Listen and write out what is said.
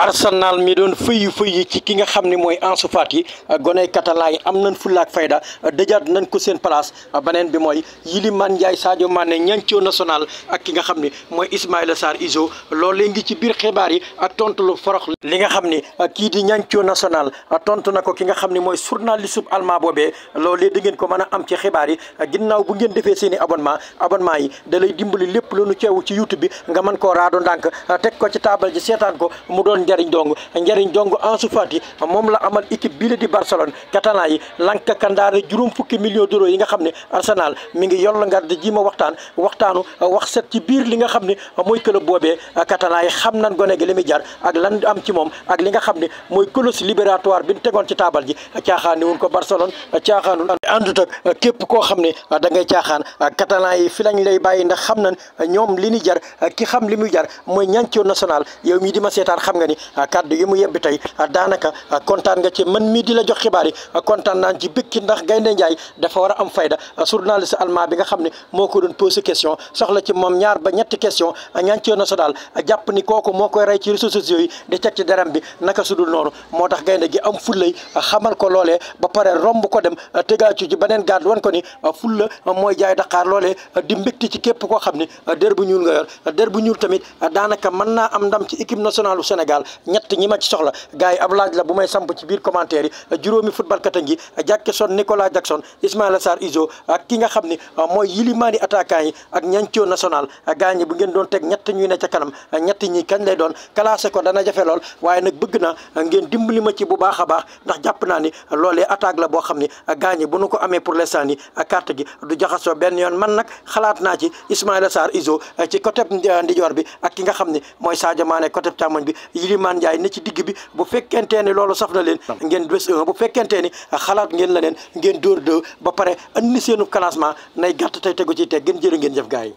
Arsenal mi doon fëyyu fëyyu ci ki nga xam ne mooy Ansu Fati goney Catalan yi am nañ fulla ak fayda dëjaat nañ ko seen place beneen bi mooy Iliman Ndiaye Sadio Mané ñancoo national ak ki nga xam ni mooy Ismaïla Sarr Iso loolee ngi ci biir xibaar yi a tontu lu forox li nga xam ni kii di ñancoo national tontu na ko ki nga xam ni mooy journaliste sub allemand boobee lool da ngeen ko mën a am ci xibaar yi ginnaaw bu ngeen defee seen i abonnement yi da lay dimbali lépp lu nu ceewu ci YouTube bi nga koo raado ndànk teg ko ci taabal seetaan ko njariñ dong njariñ dong Ansu Fati moom la amal équipe bii la di Barcelone catalan yi lank kandaare juróom fukki millions d'euros yi nga xam ne Arsenal mi ngi yolla ngar di ji ma waxtaan waxtaanu wax set ci biir li nga xam ne mooy club boobee catalan yi xam nan gone gi li muy jar ak lan am ci moom ak li nga xam ne mooy clause libératoire bi ñu tegoon ci taabal ji caaxaani wuñ ko Barcelone caaxaanul àndut ak képp koo xam ne da ngay caaxaan catalan yi fi lañ lay bàyyi ndax xam nan ñoom li ñu jar ki xam li muy jar mooy ñancio national yow mii di ma seetaan xam nga ni kàddu yi mu yebbi tey daanaka kontaan nga ci man mii di la jox xibaar yi kontaan naan ci bikki ndax Gaynde Njaay dafa war a am fayda journaliste allemand bi nga xam ne moo ko doon posé question soxla ci moom ñaar ba ñetti question ñancee national jàpp ni kooku moo koy rey ci réseaux sociaux yi di teg ci deram bi naka sudul noonu moo tax gaynde gi am fullay xamal ko loole ba pare romb ko dem tëgaacu ci beneen gaat wan ko ni fulla mooy jaay Dakar loolee di mbégte ci képp koo xam ne der bu ñuul nga yor der bu ñuul tamit daanaka mën naa am ndam ci équipe nationale Sénégal daal ñett ñi ma ci soxla gars yi laaj la bu may samp ci biir commentaire yi juróomi football kat a ngi Jackson Nicolas Jackson Ismaïla Sarr Izo ak ki nga xam ni ah, ah, bu ngeen doon teg ñett ñuy ne ca kanam ah, ñett ñi kañ lay doon classé ko dana jafe lool waaye nag bëgg na ngeen dimbali ma ci bu baax a baax ndax jàpp naa ni loolee attaque boo xam ni gars ñi bu nu ko amee pour l'instant ni carte gi du benn yoon man nag xalaat naa ci Ismaïla Sarr Izo ci côté ndijoor bi ak ki nga xam ni mooy Sadio Mané côté càmmoñ bi Iliman Ndiaye ne ci digg bi bu fekkentee ne loolu saf leen ngeen bes un bu fekkentee ni xalaat ngeen la neen ngeen dóor deux ba pare andi seenu classement nay gàtt tey tegu ci teg ngeen jërë ngeen jëf gars yi